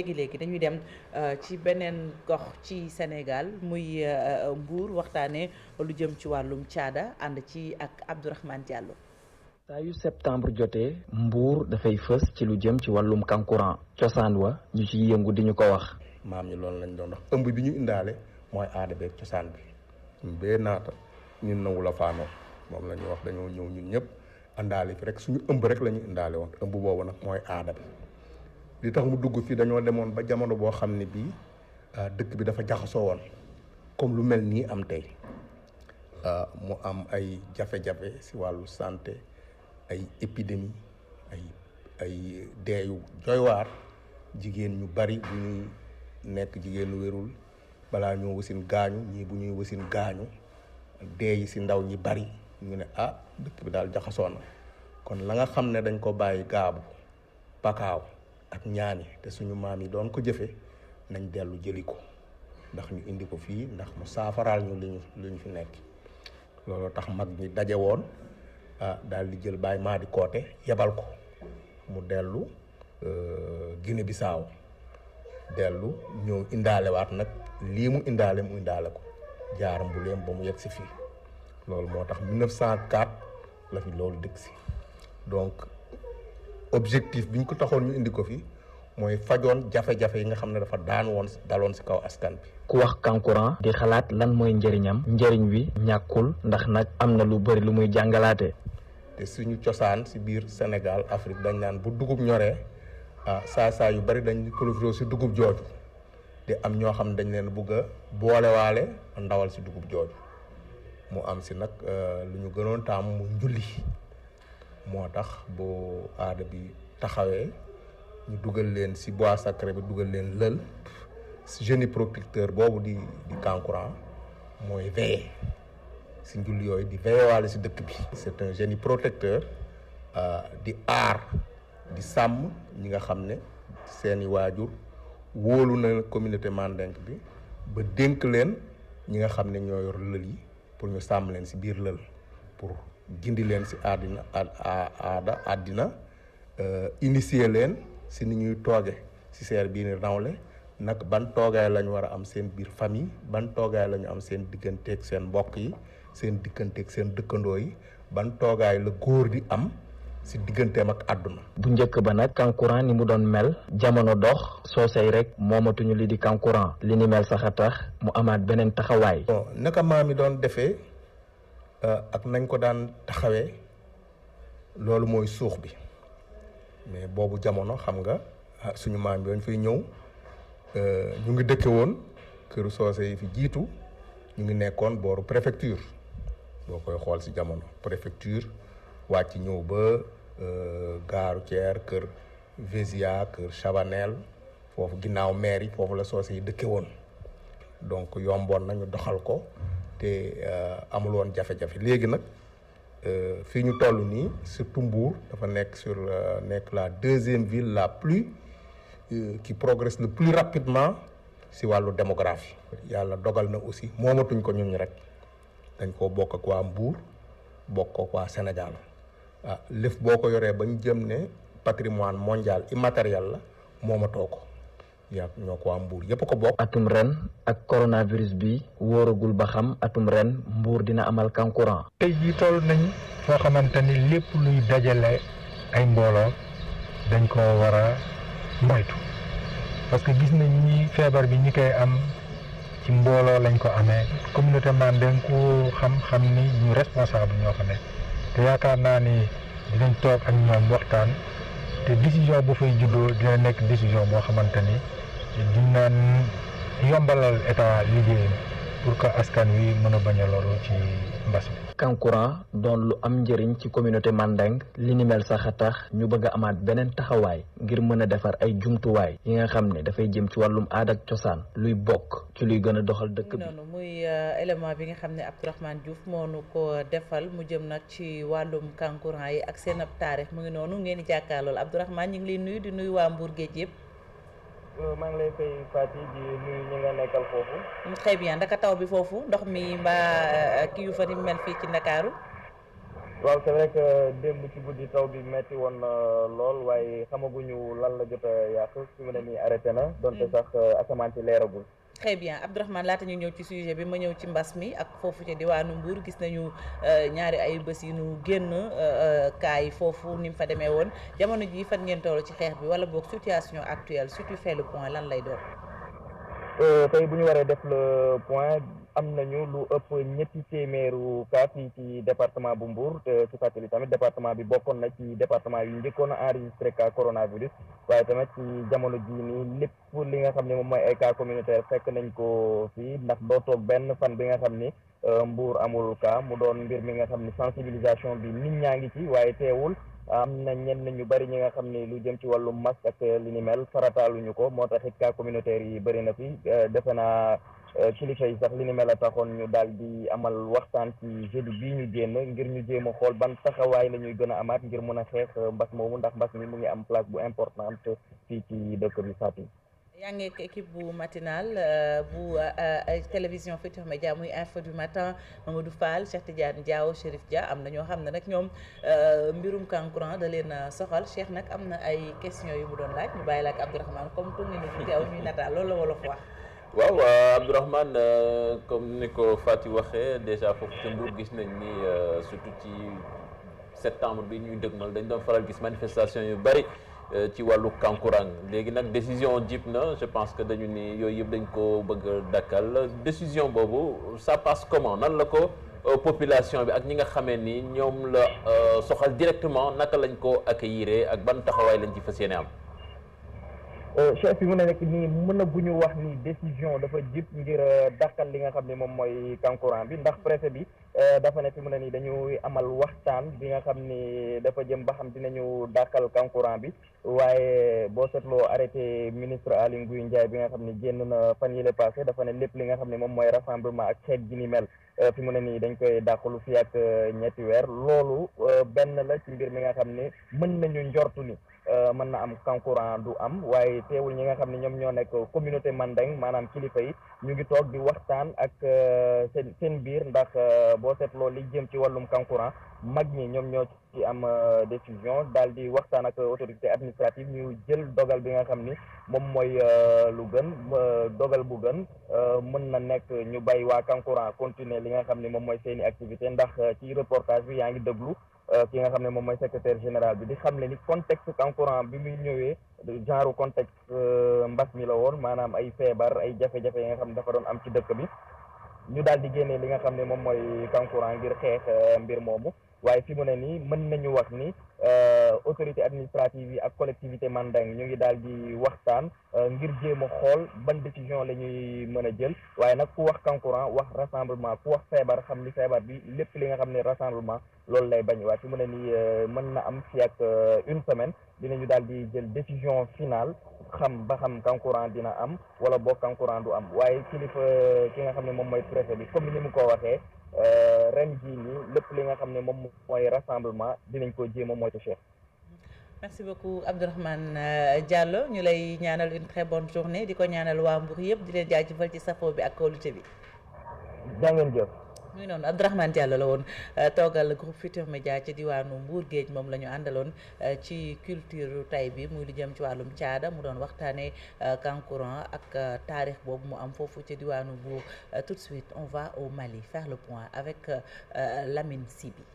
léegi léegi dañuy dem euh, ci beneen gox ci senegal muy euh, euh, Mbour waxtaanee lu jëm ci wàllum caada ànd ci ak Abdourahmane Diallo. saa yu septembre jotee mbuur dafay fës ci lu jëm ci wàllum kankuran cosaan wa ñu ci yëngu di ñu ko wax. maam ñi loolu lañ doon wax ëmb bi ñu indaale mooy aada beeg cosaan bi bee naata ñun na wula moom la ñu wax dañoo ñëw ñun ñëpp indaale fi rek suñu ëmb rek la ñu indaale woon ëmb boobu nag mooy aada bi. li tax mu dugg fii dañoo demoon ba jamono boo xam ne bii ah, dëkk bi dafa jaxasoo woon comme lu mel nii am tey ah, mu am ay jafe-jafe si wàllu santé ay épidémie ay ay deeyu doywaar jigéen ñu bari bu ñuy nekk jigéenu wérul balaa ñoo wasin gaañu ñii bu ñuy wasin gaañu dee yi si ndaw ñi bari ñu ne ah dëkk bi daal jaxasoo na kon la nga xam ne dañ ko bàyyi gaabu pakaaw ak ñaani te suñu maam yi doon ko jëfe nañ dellu jëli ko ndax ñu indi ko fii ndax mu saafaraal ñu li ñu li ñu fi nekk looloo tax mag ñi daje woon ah daal di jël Baye Madi Koote yebal ko mu dellu euh, Guinée Bissau dellu ñëw indaale waat nag lii mu indaale mu indaale ko jaaram bu leen ba mu yegg si fii loolu moo tax 1904 la fi loolu dëkk si donc objectif bi ñu ko taxoon ñu indi ko fii mooy fajoon jafe-jafe yi nga xam ne dafa daan woon daloon si kaw askan bi ku wax kankurang di xalaat lan mooy njëriñam njëriñ wi ñàkkul ndax nag am na lu bari lu muy jàngalaate te suñu cosaan si biir Sénégal Afrique dañ naan bu dugub ñore ah saa saa yu bari dañ profité si dugub jooju di am ñoo xam ne dañ leen bugg a boolewaale ndawal si dugub jooju mu am si nag euh, lu ñu gënoon taam mu njulli moo tax bu aada bi taxawee ñu dugal leen si bois sacré bi dugal leen lël géniprotecteur boobu di di kankuran mooy veiller si njulli yooyu di veiller waale si dëkk bi. c'est un géniprotecteur euh, di aar di sàmm ñi nga xam ne seeni waajur wóolu na communauté Mandinka bi ba dénk leen ñi nga xam ne ñoo yor lël yi pour ñu sàmm leen si biir lël pour gindi leen si aadina aada àddina euh, initier leen. si ni ñuy tooge si seer bii ni rawle nag ban toogaay lañu war a am seen biir famille ban toogaay lañu am seen digganteeg seen mbokk yi seen digganteeg seen dëkkandoo yi ban toogaay la góor di am si digganteem ak àdduna. bu njëkk ba nag kankurang ni mu doon mel jamono dox soosey rek moomatuñu li di kankurang li ni mel sax a tax mu amaat beneen taxawaay. bon naka maam yi doon defee euh, ak nañ ko daan taxawee loolu mooy suux bi. mais boobu jamono xam nga ah, suñu maam yooñ fay ñëw euh, ñu ngi dëkke woon këru soose yi fi jiitu ñu ngi nekkoon booru préfecture boo koy xool si jamono préfecture wàcc ñëw ba euh, gaaru Thier kër Vésia kër Chabanel foofu ginnaaw maire yi foofu la soose yi dëkke woon donc yomboon nañu doxal ko te euh, amul woon jafe-jafe léegi nag Euh, fii ñu toll nii surtout Mbour dafa nekk sur euh, nekk la deuxième ville la plus euh, qui progresse le plus rapidement si wàllu démographie yàlla dogal na aussi moomatuñ ko ñun rek dañ koo bokkak waa Mbour bokk ak waa Sénégal ah lëf boo ko yoree ba ñu jëm ne patrimoine mondial immatériel la moomatoo ko ñoo ñoo ko waa mbuur yëpp ko bokk. atum ren ak coronavirus bi wóoragul ba xam atum ren mbuur dina amal kankurang. tey jii toll nañ foo xamante ni lépp luy dajale ay mbooloo dañ ko war a parce que gis nañ ñi feebar bi ñi koy am ci mbooloo lañ ko amee communauté man dañ ko xam-xam ni ñu responsable ñoo ko nekk te yaakaar naa ni dinañ toog ak ñoom waxtaan te décision bu fay juddoo dina nekk décision boo xamante dina yombalal état liggéeyam pour que askan wi mën a bañ a loru ci mbas mi. kankuran doon lu am njëriñ ci communauté mandeng li ni mel sax a tax ñu bëgg a amaat beneen taxawaay ngir mën a defar ay jumtuwaay yi nga xam ne dafay jëm ci wàllum aada ak cosaan luy bokk ci luy gën a doxal dëkk bi. noonu muy euh, élément bi nga xam ne Abdourahmane Diouf moo nu ko defal mu jëm nag ci wàllum kankuran yi ak seen ab taarix mu ngi noonu ngeen di jàkkaarlool Abdourahmane ñu ngi lay nuyu di nuyu waa Mbour géej yëpp. Euh, maa ngi lay fay Faty di nuyu ñi nga nekkal foofu. Mm, très bien ndaka taw bi foofu ndox mi mbaa euh, kii yu fa ni mel fii ci Ndakaaru. waaw c'est que euh, démb ci guddi taw bi metti woon na lool waaye xamaguñu lan la jot a yàq su mu ne nii arrêté na. Mm. donte sax asamaan ci leeragul. très bien Abdourahmane laata ñu ñëw ci sujet bi ma ñëw ci mbas mi ak foofu ci diwaanu Mbour gis nañu euh, ñaari ay bés yi nu génn euh, euh, kaay foofu ni mu fa demee woon jamono jii fan ngeen toll ci xeex bi wala boog situation actuelle surtout fait le point lan lay doon. tey bu ñu waree def le point. am na ñu lu ëpp ñetti téeméeru cas fii ci département bu Mbour te ci fàttali tamit département bi bokkoon na ci département yi njëkkoon a enregistré cas coronavirus waaye tamit ci jamono ji nii lépp li nga xam ne moom mooy ay cas communautaire fekk nañ ko fii ndax doo toog benn fan bi nga xam ni euh, Mbour amul cas mu doon mbir mi nga xam ni sensibilisation bi nit ñaa ngi ci waaye teewul am na ñenn ñu bari ñi nga xam ni lu jëm ci wàllu masque ak li ni mel farataaluñu ko moo tax it cas communautaire yi bëri na fi euh, defe naa kilifa euh, yi sax li ni mel a taxoon ñu daal di amal waxtaan ci jeudi bii ñu génn ngir ñu jéem a xool ban taxawaay la ñuy gën a amaat ngir mën a xeex euh, mbas moomu ndax mbas mi mu ngi am place bu importante fii ci dëkk bi Fatou. yaa ngi nekk équipe bu matinal euh, bu télévision Futurs Médias muy info du matin du Fall Cheikh Tidiane Diaw Chérif Dia am na ñoo xam ne nag ñoom mbirum kankuran da leen soxal Cheikh nag am na ay question yu mu doon laaj ñu bàyyi la ak Abdourahmane comme tu ngi waaw Abdourahmane euh, comme ni ko Faty waxee déjà foofu ca gis nañ ni euh, surtout ci septembre bi ñuy dëgmal dañ doon faral gis manifestation yu bari euh, ci wàllu kankurang léegi nag décision jib na je pense que dañu ni yooyu yëpp dañ ko bëgg dakkal décision boobu sa passe comment nan la ko population bi ak ñi nga xamee ni ñoom la soxal directement naka lañ ko accueillir ak ban taxawaay lañ ci fas yéene am Euh, chef yi mu ne nekk nii mën a bu ñu wax ni décision dafa jib ngir euh, dàkkal li nga xam ne moom mooy kankurang bi ndax préfet bi euh, dafa ne fi mu ne nii dañuy amal waxtaan bi nga xam ni dafa jëm ba xam dina dinañu dàqal kankurang bi waaye boo seetloo arrêté ministre Aly Ngouille Ndiaye bi nga xam ni génn na fan yële passé dafa ne lépp li nga xam ne moom mooy rassemblement ak xeet gi ni mel fi mu ne nii dañ koy dàqalu fi ak ñetti weer loolu benn la ci mbir mi nga xam ne mën nañu njortu ni Euh, mën na am concurrent du am waaye teewul ñi nga xam ne ñoom ñoo nekk communauté mandeng maanaam kilifa yi ñu ngi toog di waxtaan ak euh, seen seen biir ndax euh, boo seetloo li jëm ci wàllum concurrent mag ñi ñoom ñoo ci am décision daal di waxtaan ak autorité administrative ñu jël dogal bi nga xam ni moom mooy lu gën dogal bu gën mën na nekk ñu bàyyi waa concurrent continuer li nga xam ni moom mooy seeni activité ndax ci reportage bi yaa ngi déglu ki nga xam ne moom mooy secrétaire général bi di xam ne ni contexte kankurang bi muy ñëwee genre contexte euh, mbas mi la woon maanaam ay feebar ay jafe-jafe yi nga xam ne dafa doon am ci dëkk bi ñu daal di génnee li nga xam ne moom mooy kankurang ngir xeex euh, mbir moomu waaye fi mu ne nii mën nañu wax ni euh, autorité administrative yi ak collectivité mandingue ñu ngi daal di waxtaan euh, ngir jéem a xool ban décision la ñuy mën a jël waaye nag ku wax kankurang wax rassemblement ku wax feebar xam li feebar bi lépp li nga xam ne rassemblement loolu lay bañ waaye fi mu ne nii euh, mën na am fi ak une semaine dinañu daal di jël décision finale xam ba xam kankurang dina am wala boog concourant du am waaye kilifa ki nga xam ne moom mooy préfet bi comme ni ko waxee ren jii nii lépp li nga xam ne moom mooy rassemblement dinañ ko jéem a moytu Cheikh. merci beaucoup Abdourahmane euh, Diallo ñu lay ñaanal une très bonne journée di ko ñaanal waa Mbour yëpp di leen jaajëfal ci sapo bi ak kóolute bi. jaa ngeen mu ngi noonu Abdourahmane Diallo la woon euh, toogal groupe Futur Média ci diwaanu Mbour Géej moom la ñu àndaloon euh, ci culture tay bi muy lu jëm ci wàllum caada mu doon waxtaanee kankuran euh, ak taarix boobu mu am foofu ci diwaanu Mbour tout de suite on va au Mali faire le point avec Lamine Sibi